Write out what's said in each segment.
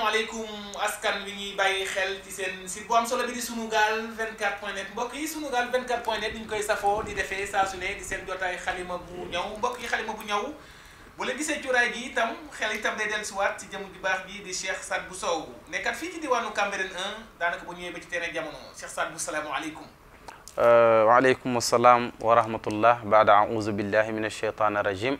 maaleykum askan wi ñuy bàyyi xel ci seen site bu am solo bi di sunugal 24 point net mbokk yi sunugal 24 point net ni ñu koy safoo di defee saa su ne di seen jotaay xalima bu ñaw mbokk yi xalima bu ñaw bu la gisee cuuraay gi itam xel itam day dellusiwaat ci jëm ju baax bi di Cheikh Sadbou Sow nekkat fii ci diwaanu Cambérène 1 daanaka bu ñëwee ba ci terrain jamono Cheikh Sadbou salaamualeykum. Euh, waaleykum salaam wa rahmatullah baada auzu billahi min acheytaan rajim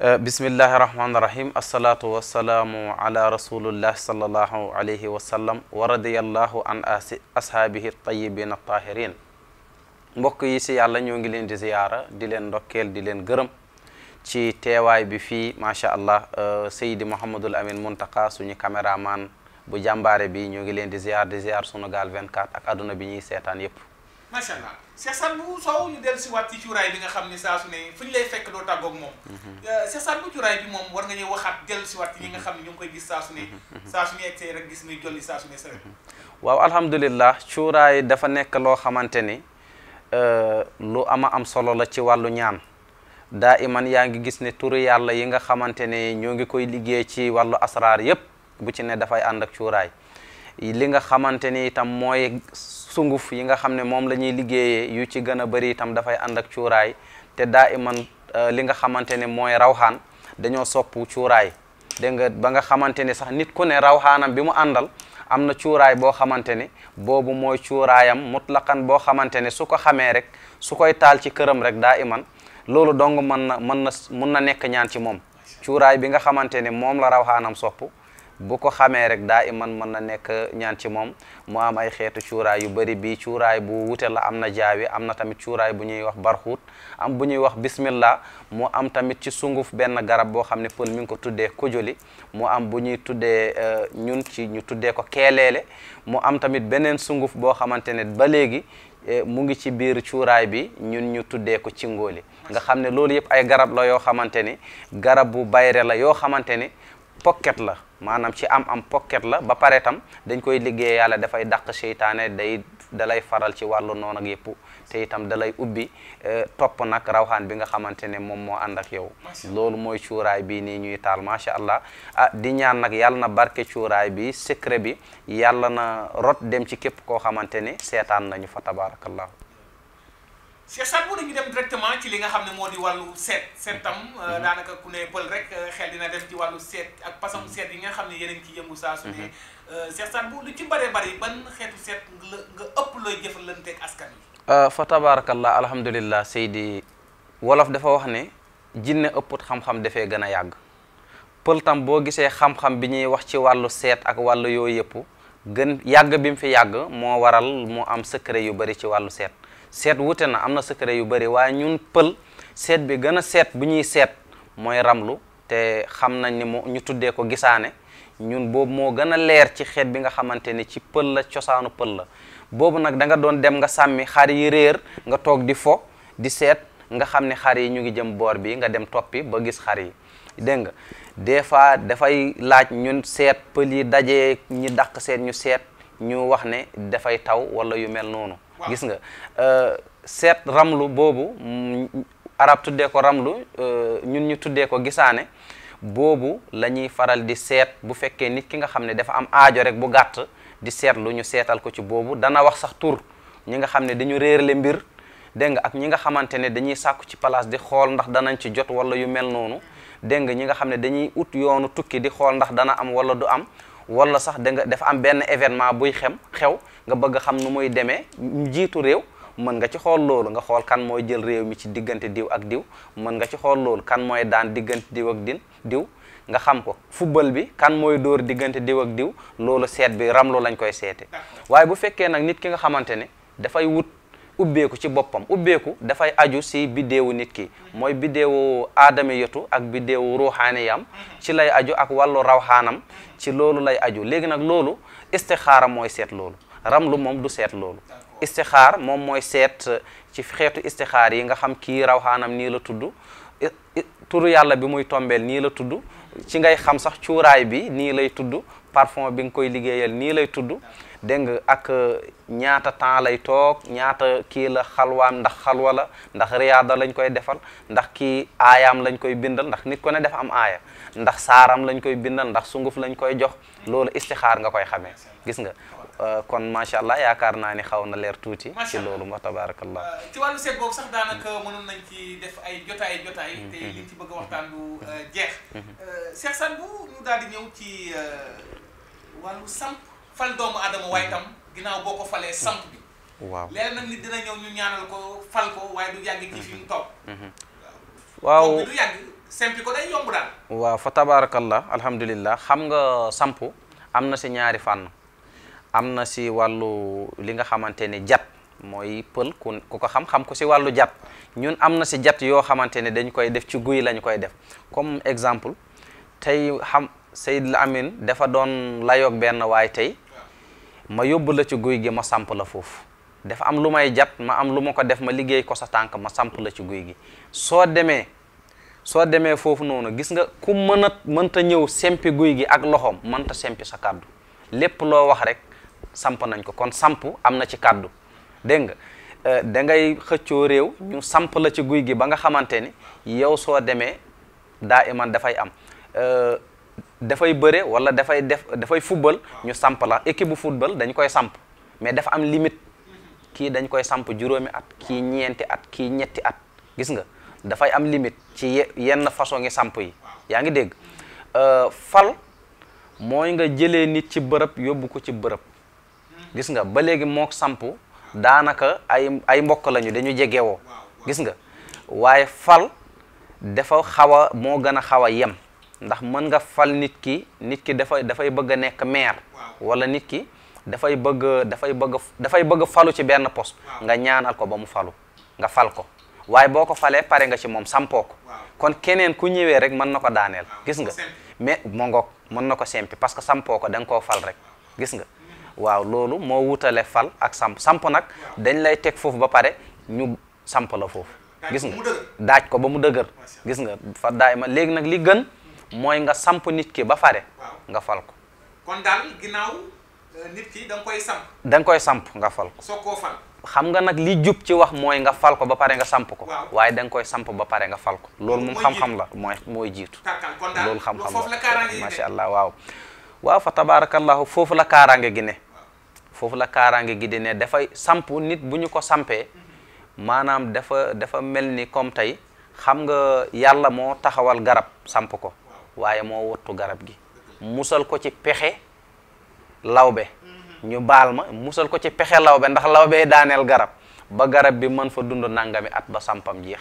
Eh, bismillahi rahmaani rahim assalaatu wassalaamu ala rasulillah sallallahu alayhi wa sallam wa radiyallahu an asi ashaabihi tayyibina tahirin mbokk yi si yàlla ñoo ngi leen di ziyaara di leen ndokkeel di leen gërëm ci teewaay bi fii macha allah eh, Seydi Mouhamadul Amin Muntaka suñu caméraman bu jàmbaare bi ñoo ngi leen di ziyaar di ziyaar Sunugal 24 ak adduna bi ñuy seetaan yépp macha allah Cheikh Sadbou si waat cuuraay bi nga xam ne saa su ne fu ñu lay fekk doo tàggoog moom mhm. euh, Cheikh Sadbou cuuraay bi moom war nga ñëw waxaat dellu si waat ñi nga mhm. xam ne ñu ngi koy gis saa su ne mhm. saa ne egg see gis muy jolli saa su ne sa waaw alhamdulilah cuuraay dafa nekk loo xamante ni euh, lu ama am solo la ci wàllu ñaan daa iman yaa ngi gis ne turu yàlla yi nga xamante ne ñoo ngi koy liggéey ci wàllu asraar yépp bu ci ne dafay ànd ak cuuraay li nga xamante ni itam mooy sunguf yi nga xam ne moom la ñuy liggéeyee yu ci gën a bëri dafay ànd ak cuuraay te daa iman euh, li nga xamante ne mooy rawxaan dañoo sopp cuuraay dégg nga ba nga xamante ni sax nit ku ne rawxaanam bi mu àndal am na cuuraay boo xamante ne boobu mooy cuuraayam mutlaqan boo xamante ne su ko xamee rek su koy taal ci këram rek daa iman loolu dong mën na mën na mën na nekk ñaan ci moom cuuraay bi nga xamante ne moom la rawxaanam sopp bu ko xamee rek daa iman mën na nekk ñaan ci moom mu am ay xeetu cuuraay yu bëri bii cuuraay bu wute la am na jaawi am na tamit cuuraay bu ñuy wax barxuut am bu ñuy wax bismillah mu am tamit ci sunguf benn garab boo xam ne pël mi ngi ko tuddee kojoli mu am bu ñuy tuddee euh, ñun ci ñu tuddee ko keeleele mu am tamit beneen sunguf boo xamante ne ba léegi euh, mu ngi ci biir cuuraay bi ñun ñu tuddee ko cingóoli nga xam ne loolu yëpp ay garab la yoo xamante ni garab bu bayre la yoo xamante ni pocket la maanaam ci am am pocket la ba pare tam dañ koy liggéey yàlla dafay dàq seytaane day dalay faral ci wàllu noon ak yëpp te itam dalay ubbi euh, topp nag rawxaan bi nga xamante ne moom moo ànd ak yow loolu mooy cuuraay bi nii ñuy taal macha allah ah di ñaan nag yàlla na barke cuuraay bi secret bi yàlla na rot dem ci képp koo xamante ne seetaan nañu fa tabaarakallahu Cheikh Sadbou dañu dem directement ci li nga xam ne moo di wàllu seet seetam mhm. euh, daanaka ku ne pël rek euh, xel dina dem ci wàllu seet ak façon mhm. seet yi nga xam ne yeneen ci yëngu saa su ne mhm. euh, Cheikh Sadbou lu ci bëree bëri ban xeetu seet la nga ëpp looy jëfalanteeg askan fa tabarakallah alhamdulillah Seydi wolof dafa wax ne jinne ëpput xam-xam dafee gën a yàgg pël tam boo gisee xam-xam bi ñuy wax ci wàllu seet ak wàllu yooyu yëpp gën yàgg bi mu fi yàgg moo waral mu am secret yu bari ci wàllu seet seet wute na am na secret yu bëri waaye ñun pël seet bi gën a seet bu ñuy seet mooy ramlu te xam nañ ni moo ñu tuddee ko gisaane ñun boobu moo gën a leer ci xeet bi nga xamante ni ci pël la cosaanu pël la boobu nag da nga doon dem nga sàmmi xar yi réer nga toog di fo di seet nga xam ni xar yi ñu ngi jëm boor bi nga dem toppi ba gis xar yi dégg nga des fois dafay laaj ñun seet pël yi dajee ñi daq seet ñu seet ñu wax ne dafay taw wala yu mel noonu gis nga euh, seet ramlu boobu mm, arab tuddee ko ramlu euh, ñun ñu tuddee ko gisaane boobu la ñuy faral di seet bu fekkee nit ki nga xam ne dafa am aajo rek bu gàtt di seetlu ñu seetal ko ci boobu dana wax sax tur ñi nga xam ne dañu réerle mbir dégg nga ak ñi nga xamante ne dañuy sàkku ci place di xool ndax danañ ci jot wala yu mel noonu dégg nga ñi nga xam ne dañuy ut yoonu tukki di xool ndax dana am wala du am wala sax da nga dafa am benn événement buy xem xew nga bëgg a xam nu muy demee njiitu réew mën nga ci xool loolu nga xool kan mooy jël réew mi ci diggante diw ak diw mën nga ci xool loolu kan mooy daan diggante diw ak din diw nga xam ko football bi kan mooy dóor diggante diw ak diw loolu seet bi ram ramlo lañ koy seete waaye bu fekkee nag nit ki nga xamante ne dafay wut ubbeeku ci boppam ubbeeku dafay aju si biddeewu nit ki mooy biddeewu aadami yotu ak biddeewu yam ci lay aju ak wàllu rawxaanam ci loolu lay aju léegi nag loolu istixaara mooy seet loolu ramlu moom du seet loolu istixaar moom mooy seet ci xeetu istixaar yi nga xam kii rawxaanam nii la tudd tur yàlla bi muy tombeel nii la tudd ci ngay xam sax cuuraay bi nii lay tudd parfum bi nga koy liggéeyal nii lay tudd dégg nga ak euh, ñaata temps lay toog ñaata kii la xalwaam ndax xalwa la ndax riyaada lañ koy defal ndax kii aayaam lañ koy bindal ndax nit ku ne dafa am aaya ndax saaram lañ koy bindal ndax sunguf lañ koy jox loolu istixaar nga koy xamee gis nga Euh, kon macha allah yaakaar naa ni xaw na leer tuuti. ci loolu ma tabaarakallah. Euh, ci wàllu seet boobu sax daanaka mënoon nañ ci def ay jotaay jotaay. Mm-hmm. te liñ ci bëgg mm-hmm. euh, mm-hmm. ñu daal ñëw ci wàllu samp fal doomu aadama waaye tam ginnaaw boo ko falee samp bi. waaw léegi nag nit dina ñëw ñu ñaanal ko fal ko waaye du yàgg ci fi mu toog. waaw fa tabaarakallah alhamdulillah xam nga samp am na si ñaari fànn. am na si wàllu li nga xamante ne jat mooy pël ku ku ko xam-xam ko si wàllu jat ñun am na si jat yoo xamante ne dañ koy def ci guy lañu koy def comme exemple tey xam la amin dafa doon layoog benn waay tey ma yóbbu la ci guy gi ma samp la foofu dafa am lu may jat ma am lu ma ko def ma liggéey ko sa tànk ma samp la ci guy gi soo demee soo demee foofu noonu gis nga ku mën a mënta ñëw sempi guy gi ak loxoom mënta sempi sa kàddu lépp loo wax rek samp nañ ko kon samp am na ci kàddu dégg nga euh, da xëccoo réew ñu samp la ci guy gi ba nga xamante ni yow soo demee daa iman dafay am euh, dafay bëre wala dafay def dafay football ñu samp la équipe bu football dañ koy samp mais dafa am limite kii dañ koy samp juróomi at kii ñeenti at kii ñetti at gis nga dafay am limite ci yenn façon ngi samp yi yaa ngi dégg euh, fal mooy nga jëlee nit ci bërëb yóbbu ko ci bërëb gis nga ba léegi moo sampu daanaka ay ay mbokk lañu dañu jegewoo gis nga waaye fal dafa xaw a moo gën a xaw a yem ndax mën nga fal nit ki nit ki dafay dafay bëgg a nekk maire wala nit ki dafay bëgg dafay bëgg dafay bëgg falu ci benn poste nga ñaanal ko ba mu falu nga fal ko waaye boo ko falee pare nga ci moom sampoo ko kon keneen ku ñëwee rek mën na ko daaneel gis nga mais moo ngoog mën na ko sempi parce que sampoo ko da koo fal rek gis nga waaw loolu moo wutale fal ak samp samp nag dañ lay teg foofu ba pare ñu samp la foofu gis nga daaj ko ba mu dëgër gis nga fa daay ma léegi nag li gën mooy nga samp nit ki ba pare nga fal ko kon daal ginnaaw euh, nit koy samp nga fal ko soo koo xam nga nag li jub ci wax mooy nga fal ko ba pare nga samp ko waaye da koy samp ba pare nga fal ko loolu moom xam-xam la mooy mooy jiitu loolu xam-xam la macha allah waaw waaw fa tabaarakallahu foofu la kaaraange gi ne foofu la kaaraange gi di ne dafay samp nit bu ñu ko sampee maanaam dafa dafa mel ni comme tey xam nga yàlla moo taxawal garab samp ko waaye moo wattu garab gi musal ko ci pexe lawbe ñu baal ma musal ko ci pexe lawbe ndax lawbe daaneel garab ba garab bi mën fa dund nangami at ba sampam jeex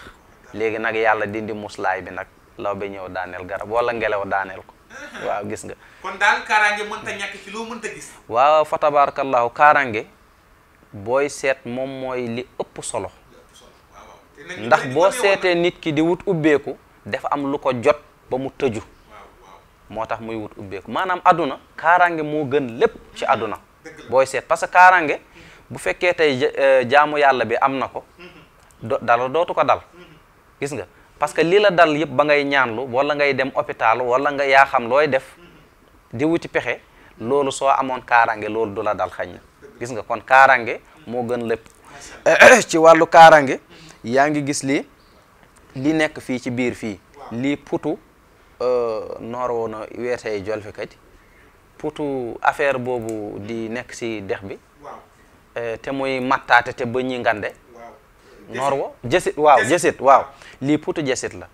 léegi nag yàlla dindi muslaay bi nag lawbe ñëw daaneel garab wala ngelaw daaneel ko waaw gis nga. kon daal kaaraange mënta ñàkk ci loo mënta gis. waaw fa tabaarakallaahu kaaraange booy seet moom mooy li ëpp solo. ndax boo seetee nit ki di wut ubbeeku dafa am lu ko jot ba mu tëju. moo tax muy wut ubbeeku maanaam àdduna kaaraange moo gën lépp ci àdduna. booy seet parce que kaaraange bu fekkee tey eh, jaamu yàlla bi am na ko. do dala dootu ko dal. gis nga parce que lii la dal yëpp ba ngay ñaanlu wala ngay dem hôpital wala nga yaa xam looy def di wuti pexe loolu soo amoon kaarange loolu du la dal xañ na gis nga kon kaarange moo gën lépp ci wàllu kaarange yaa ngi gis lii li nekk fii ci biir fii lii putu euh, noor woon a weertey jolfi kati putu affaire boobu di nekk si dex bi euh, te muy mattaate te ba ñi ngande noor wa waaw jësit waaw lii putu jësit la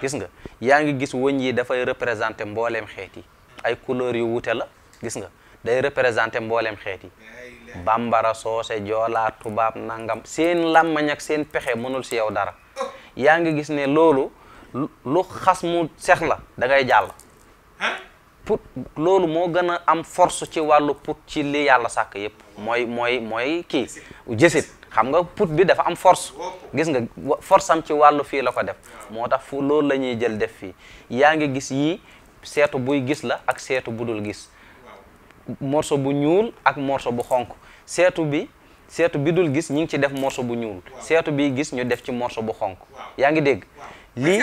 gis nga yaa ngi gis wëñ yi dafay représenté mbooleem xeet yi ay couleurs yu wute la gis nga day représenté mbooleem xeet yi bambara soose joolaa tubaab nangam seen làmmañ ak seen pexe mënul si yow dara yaa ngi gis ne loolu lu xas mu sex la da jàll put loolu moo gën a am force ci wàllu put ci li yàlla sàkk yépp mooy mooy mooy kii jësit xam nga put bi dafa am fors gis nga force am ci wàllu fii la ko def moo tax fu loolu la ñuy jël def fii yaa ngi gis yii seetu buy gis la ak seetu bu dul gis morso bu ñuul ak morso bu xonk seetu bi seetu bi dul gis ñu ngi ci def morso bu ñuul seetu bi gis ñu def ci morso bu xonk yaa ngi dégg lii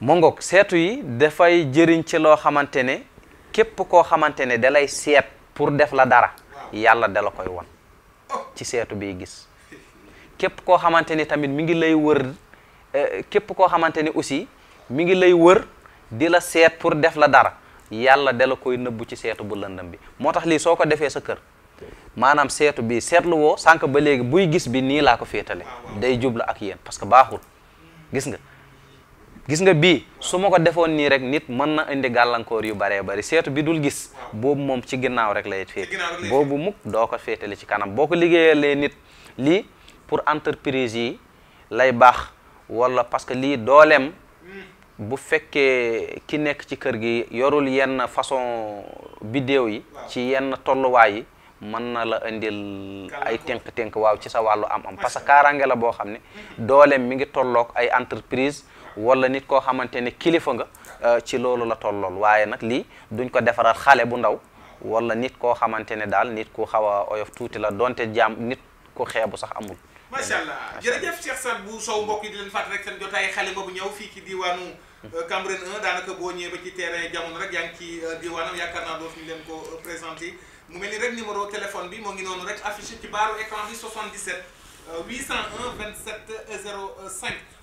mu ngoog seetu yi dafay jëriñ ci loo xamante ne képp koo xamante ne dalay seet pour def la dara yàlla dala koy won ci seetu bi gis képp koo xamante ni tamit mu ngi lay wër eh, képp koo xamante ni aussi mi ngi lay wër di la seet pour def la dara yàlla dala koy nëbbu ci seetu bu lëndam bi moo tax li soo ko defee sa kër maanaam seetu bi seetlu woo sànq ba léegi buy gis bi nii laa ko féetale ah, day jublu ak yéen parce que baaxul gis nga gis nga bii su ma ko defoon nii rek nit mën na indi gàllankoor yu baree bari seetu bi dul gis boobu moom ci ginnaaw rek lay féete boobu mukk doo ko féetale ci kanam boo ko liggéeyalee nit lii pour entreprise yi lay baax wala parce que lii dooleem bu fekkee ki nekk ci kër gi yorul yenn façon biddéew yi ci yenn tolluwaay yi mën na la indil ay tënk-tënk waaw ci sa wàllu am am parce que kaaraange la boo xam ne mm-hmm. dooleem mi ngi tolloog ay entreprise wala nit koo xamante ne kilifa nga euh, ci loolu la tollool waaye nag lii duñ ko defaral xale bu ndaw wala nit koo xamante ne daal nit ku xaw a oyof tuuti la donte jaam nit ku xeebu sax amul. macha allah jërëjëf Cheikh Sadbou Sow mbokk yi di leen fàttali rek seen jotaay xale boobu ñëw fii ci diwaanu. Euh, Cambérène 1 daanaka boo ñëwee ci terrain jamono rek yaa ngi ci euh, diwaanam yaakaar naa dootuñu leen ko présenté mu mel ni rek numéro téléphone bi moo ngi noonu rek affiché ci baaru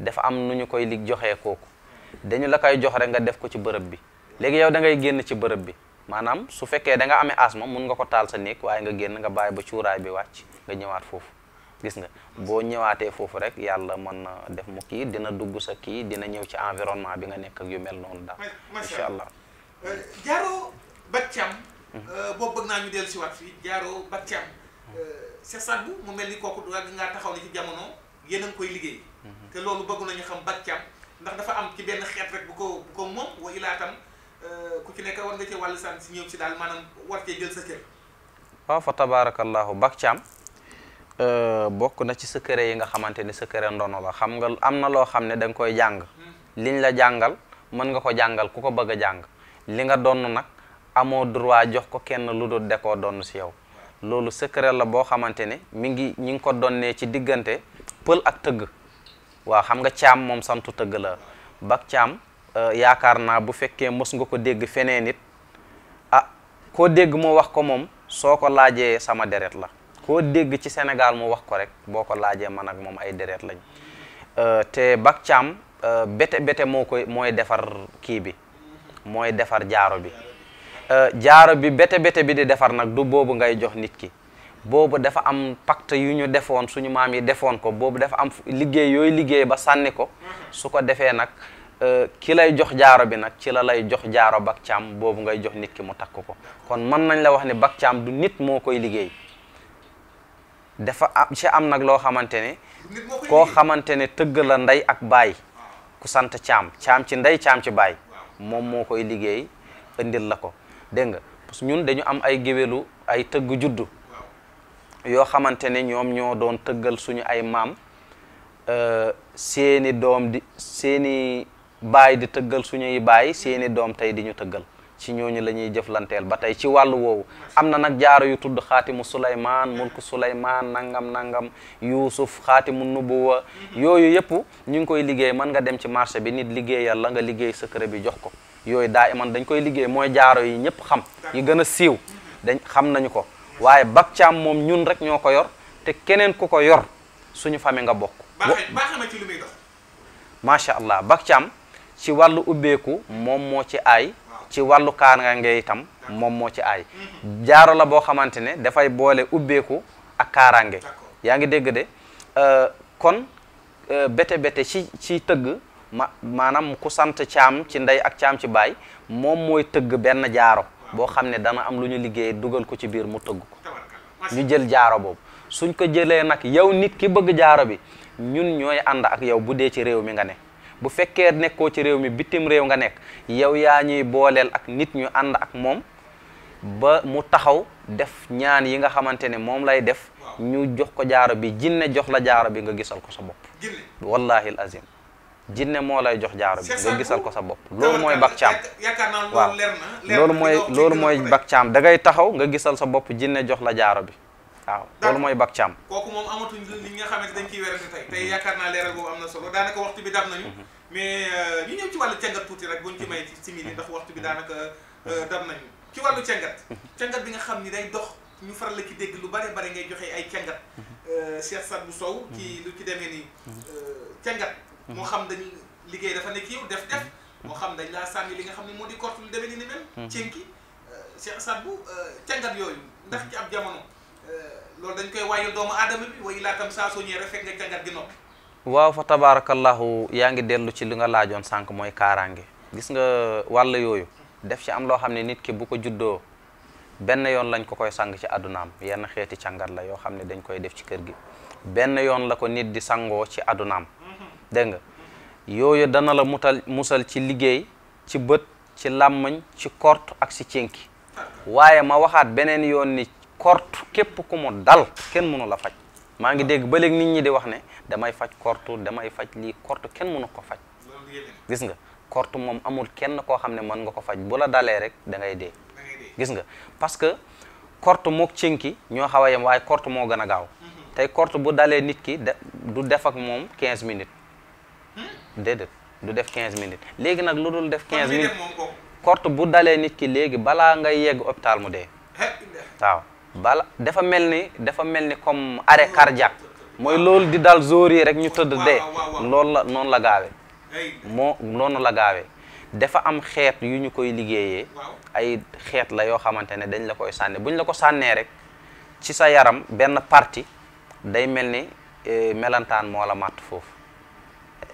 dafa am nu ñu koy lig joxee kooku dañu la koy jox rek nga def ko ci bërëb bi léegi yow da ngay génn ci bërëb bi maanaam su fekkee danga nga amee asma mun nga ko taal sa néeg waaye nga génn nga bàyyi ba cuuraay bi wàcc nga ñëwaat foofu gis nga boo ñëwaatee foofu rek yàlla mën na def mu kii dina dugg sa kii dina ñëw ci environnement bi nga nekk ak yu mel noonu daal incha allah jaaro euh, Bathiam euh, boobu bëgg naa ñu dellu si waat fii jaaro Bathiam Cheikh Sadbou mu mel ni kooku koy liggéey te loolu bëgg nañu xam bàccam ndax dafa am ci benn xeet rek bu ko bu ko moom wa euh, ku ci nekk war nga cee wàllu sa kër. waaw fa tabaarakallaahu bàccam euh, bokk na ci secret yi nga xamante ni secret ndono la xam nga am na loo xam ne danga koy jàng hmm. liñ la jàngal mën nga ko jàngal ku ko bëgg a jàng li nga donn nag amoo droit jox ko kenn lu dul de koo donn si yow hmm. loolu secret la boo xamante ne mi ngi ñi ngi ko donnee ci diggante pël ak tëgg waaw xam nga caam moom santu tëgg la bak caam euh, yaakaar naa bu fekkee mos nga ko dégg feneen it ah koo dégg moo wax ko moom soo ko laajee sama deret la ko dégg ci Sénégal mu wax ko rek boo ko laajee man ak moom ay deret lañ euh, te bak caam euh, bete bete moo koy mooy defar kii bi mooy defar jaaro bi jaaro bi bete bete bi di defar nag du boobu ngay jox nit ki boobu dafa am pacte yu ñu defoon suñu maam yi defoon ko boobu dafa am liggéey yooyu liggéey ba sànni ko su ko defee nag euh, ki lay jox jaaro bi nag ci la lay jox jaaro bak caam boobu ngay jox nit ki mu takk ko kon mën nañ la wax ne bak caam du nit moo koy liggéey dafa am am nag loo xamante ne koo xamante ne tëgg la ndey ak baay ku sant caam caam ci ndey caam ci baay moom moo koy liggéey indil la ko dégg nga parce que ñun dañu am ay géwélu ay tëgg juddu yoo xamante ne ñoom ñoo doon tëggal suñu ay maam euh, seeni doom di seeni baay di tëggal suñuy baay seeni doom tey di ñu tëggal ci ñooñu la ñuy jëflanteel ba tey ci wàllu woowu am na nag jaaro yu tudd xaatimu Souleymane mulku Souleymane nangam nangam Yuusuf xaatimu nubuwa yooyu yëpp ñu ngi koy liggéey mën nga dem ci marché bi nit liggéeyal la nga liggéey secret bi jox ko yooyu daa iman dañ koy liggéey mooy jaaro yi ñëpp xam yi gën a siiw dañ xam nañu ko waaye Bab Thiam moom ñun rek ñoo ko yor te keneen ku ko yor suñu famille nga bokk. baax allah Bab Thiam ci wàllu ubbeeku moom moo ci aay. ci wàllu kaaraange itam moom moo ci ay mhm. jaaro la boo xamante ne dafay boole ubbeeku ak kaaraange. yaa ngi dégg de euh, kon euh, bete bete ci ci tëgg ma maanaam ku sant caam ci ndey ak caam ci baay moom mooy tëgg benn jaaro. boo xam ne dana am lu ñu liggéey dugal ko ci biir mu tëgg ko ñu jël jaaro boobu suñ ko jëlee nag yow nit ki bëgg jaaro bi ñun ñooy ànd ak yow bu dee ci réew mi nga ne bu fekkee nekkoo ci réew mi bitim réew nga nekk yow yaa ñuy booleel ak nit ñu ànd ak moom ba mu taxaw def ñaan yi nga xamante ne moom lay def ñu jox ko jaaro bi jinne jox la jaaro bi nga gisal ko sa bopp wallahi azim jinne moo lay jox jaaro bi nga gisal ko sa bopp loolu mooy bak caam waaw loolu mooy loolu mooy bak caam dangay taxaw nga gisal sa bopp jinne jox la jaaro bi waaw loolu mooy bak caam kooku moom amatuñ li nga xam xamante dañ ciy werante tey tey yaakaar naa leeral boobu am na solo daanaka waxtu bi dam nañu mhm. mais euh, ñu ñëw ci wàllu cengat tuuti rek buñ ci may ci simili mhm. ndax waxtu bi mhm. daanaka euh, dam nañu ci wàllu cengat cengat bi nga xam ni day dox ñu faral la ci dégg lu bare bare ngay joxe ay cengat euh, Cheikh Sadou Sow ci lu ci demee ni cengat moo xam dañu liggéey dafa nekk yow def def moo xam dañ laa sànni li nga xam ne moo di korte lu demee ni ni mel mhm. cénki euh, Cheikh euh, cangat yooyu ndax ci ab jamono euh, loolu dañ koy waayal doomu aadama bi way laatam saa soo ñëwee rek fekk nga cangat gi noppi waaw fa tabaarakallahu yaa ngi dellu ci li nga laajoon sànq mooy kaaraange gis nga wàll yooyu def ci am loo xam ne nit ki bu ko juddoo benn yoon lañ ko koy sang ci àddunaam yenn xeeti càngat la yoo xam ne dañ koy def ci kër gi benn yoon la ko nit di sangoo ci àddunaam dégg nga yooyu dana la mutal musal ci liggéey ci bët ci làmmañ ci kort ak ci cénki waaye ma waxaat beneen yoon ni kort képp ku mu dal kenn mënu la faj maa ngi dégg ba léegi nit ñi di wax ne damay faj kortu damay faj lii corte kenn mënu ko faj gis nga kortu moom amul kenn koo xam ne mën nga ko faj bu la dalee rek dangay ngay gis nga parce que kortu mook cénki ñoo xaw a waaye kortu moo gën a gaaw mm-hmm. tey kortu bu dalee nit ki du def ak moom quinze minutes déedéet du def 15 minutes léegi nag lu dul def 15 minutes korte bu dalee nit ki léegi balaa ngay yegg hôpital mu de waaw bala dafa mel ni dafa mel ni comme arrêt oh. cardiaque mooy loolu di dal jour yi rek ñu tëdd dee loolu la noonu la gaawee moo noonu la gaawe dafa am xeet yu ñu koy liggéeyee ay xeet la yoo xamante ne dañ la koy sànni bu ñu la ko sànnee rek ci sa yaram benn partie day mel ni eh, melantaan moo la màtt foofu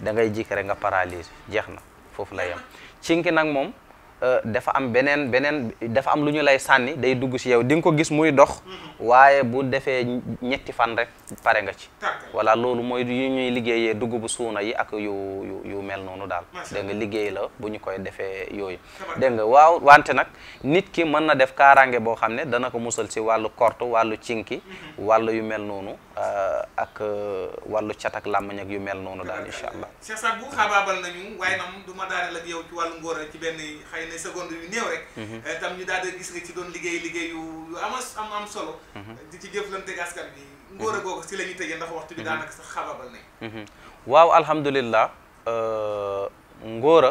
da ngay jikk rek nga paralyse jeex na foofu la yem cinki nag moom Euh, dafa am beneen beneen dafa am lu ñu lay sànni day dugg ci yow di ko gis muy dox waaye bu defee ñetti fan rek pare nga ci voilà loolu mooy yu ñuy liggéeyee dugub suuna yi ak yu yu yu mel noonu daal dégg nga liggéey la bu ñu koy defee yooyu dégg nga waaw wante nag nit ki mën na def kaaraange boo xam ne dana ko musal ci wàllu kort wàllu cinki mhm. wàllu yu mel noonu euh, ak euh, wàllu catak ak làmmiñ ak yu mel noonu daal incha allah Mhm. Euh, liggéey liggéey yu mhm. mhm. la ñuy tëjee waaw alhamdulillah euh, ngóor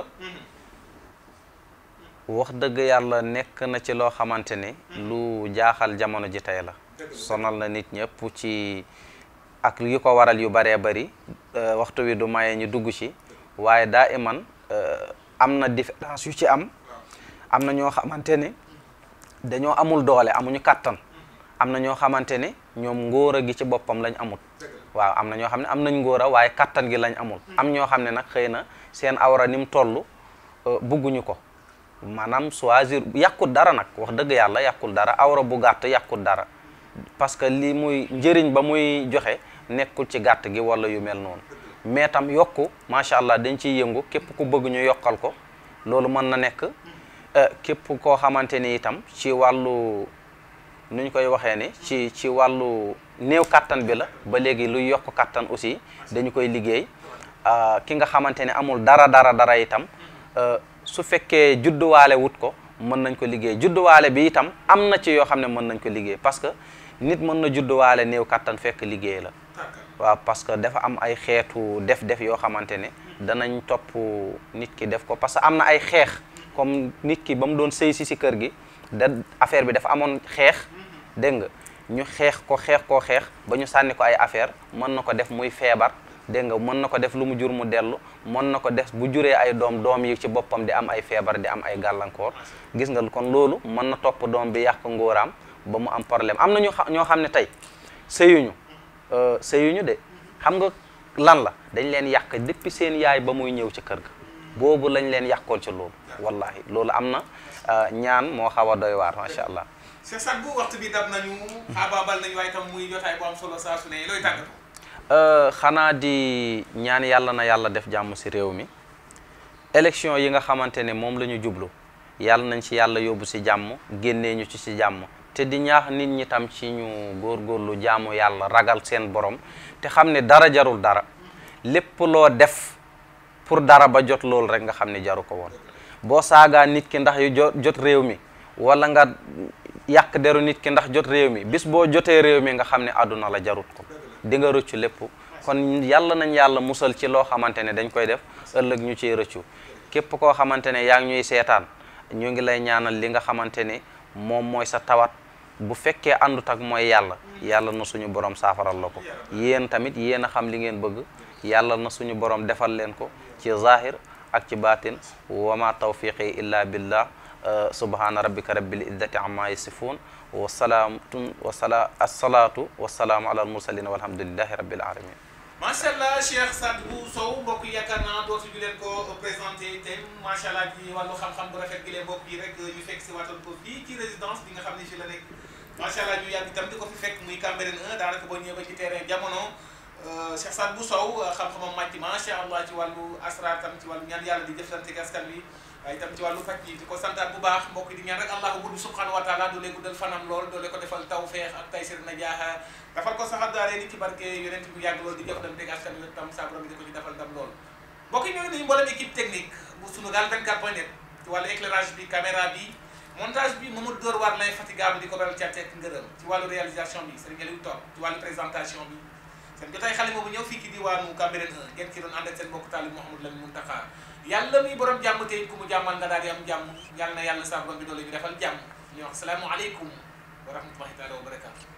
wax dëgg yàlla nekk na ci loo xamante ni lu jaaxal jamono ji tey la sonal na nit ñëpp ci ak yi ko waral yu baree bari euh, waxtu wi du maye ñu dugg ci waaye daa iman am na différence yu ci am am na ñoo xamante ne dañoo amul doole amuñu kàttan am na ñoo xamante ne ñoom ngóora gi ci boppam lañ amul waaw am na ñoo xam ne am nañ ngóora waaye kattan gi lañ amul am ñoo xam ne nag xëy na seen awra ni mu toll euh, bugguñu ko maanaam choisir yàqul dara nag wax dëgg yàlla yàqul dara awra bu gàtt yàqul dara parce que li muy njëriñ ba muy joxe nekkul ci gàtt gi wala yu mel noonu mais tam yokku macha allah dañ ciy yëngu képp ku bëgg ñu yokkal ko loolu mën na nekk Euh, képp koo xamante ni itam ci wàllu nuñ koy waxee ni ci ci wàllu néew kàttan bi la ba léegi lu yokk kattan aussi dañu koy liggéey euh, ki nga xamante ne amul dara dara dara itam euh, su fekkee judduwaale wut ko mën nañ ko liggéey judduwaale bi itam am na ci yoo xam ne mën nañ ko liggéey parce que nit mën na judduwaale néew kattan fekk liggéey la waaw parce que dafa am ay xeetu def-def yoo xamante ne danañ topp nit ki def ko parce que am na ay xeex comme nit ki ba mu doon sëy si si kër gi da affaire bi dafa amoon xeex dégg nga ñu xeex ko xeex koo xeex ba ñu sànni ko ay affaire mën na ko def muy feebar dégg nga mën na ko def lu mu jur mu dellu mën na ko def bu juree ay doom doom yi ci boppam di am ay feebar di am ay gàllankoor gis nga kon loolu mën na topp doom bi yàq ngóoraam ba mu am problème am na ñu ñoo xam ne tey sëyuñu euh, sëyuñu de xam nga lan la dañ leen yàq depuis seen yaay ba muy ñëw ci kër gi boobu lañ leen yàqool ci loolu wallahi loolu am na euh, ñaan moo xaw a doy waar macha allah. c'est euh, xanaa di ñaan yàlla na yàlla def jàmm si réew mi élection yi nga xamante ne moom la ñu jublu yàlla nañ si yàlla yóbbu si jàmm génnee ñu ci si jàmm. te di ñaax nit ñi tam ci ñu góorgóorlu jaamu yàlla ragal seen borom te xam ne dara jarul dara lépp loo def pour dara ba jot loolu rek nga xam ne jaru ko woon boo saagaa nit ki ndax yu jot réew mi wala nga yàq deru nit ki ndax jot réew mi bis boo jotee réew mi nga xam ne àdduna la jarut ko di nga rëccu lépp kon yàlla nañ yàlla musal ci loo xamante ne dañ koy def ëllëg ñu ciy rëccu képp koo xamante ne yaa ngi ñuy seetaan ñu ngi lay ñaanal li nga xamante ne moom mooy sa tawat bu fekkee àndut ak mooy yàlla yàlla na suñu borom saafaral la ko yéen tamit yéen xam li ngeen bëgg yàlla na suñu borom defal leen ko ci zahir ak ci baatin wa ma tawfiqi illa billah euh, subhana rabbika rabbil izzati amma yasifun wa salaamtun wa sala assalaatu wa salaamu ala almursalin walhamdulillahi rabbil alamin macha allah Cheikh Sadibou Sow mbokk yaakaar naa dootu ñu leen ko présenté tey macha allah ci wàllu xam-xam bu rafet gi leen mbokk yi rek ñu fekk si waatal ko fii ci résidence bi nga xam ne fii la nekk macha allah ñu yàgg itam di ko fi fekk muy Cambérène 1 daanaka boo ñëwee ba ci terrain jamono. Euh, Cheikh Saad bu Sow euh, xam-xamam màcc macha allah ci wàllu asrar tam ci wàllu ñaan yàlla di jëflante askan wi waaye itam ci wàllu faj yi di ko bu baax mbokk di ñaan rek allah gudd subhanahu wa taala doole guddal fanam lool di ko ci defal ndam bi caméra bi montage bi Mamadou war lay fatigable di ko beral ci ngërëm ci wàllu réalisation bi Serigne Aliou Top ci wàllu présentation bi seen jotaay xalima bu ñëw fii ci diwaanu Cambérène 1 ngeen ci doon ànd ak seen mbokk taalib Mouhamadou Lamine Mountakha yàlla mi borom jàmm tey ku mu jàmmal nga daal di am jàmm yàlla na yàlla sa borom bi doole bi defal jàmm ñu wax salaamu aleykum wa taala wa barakatu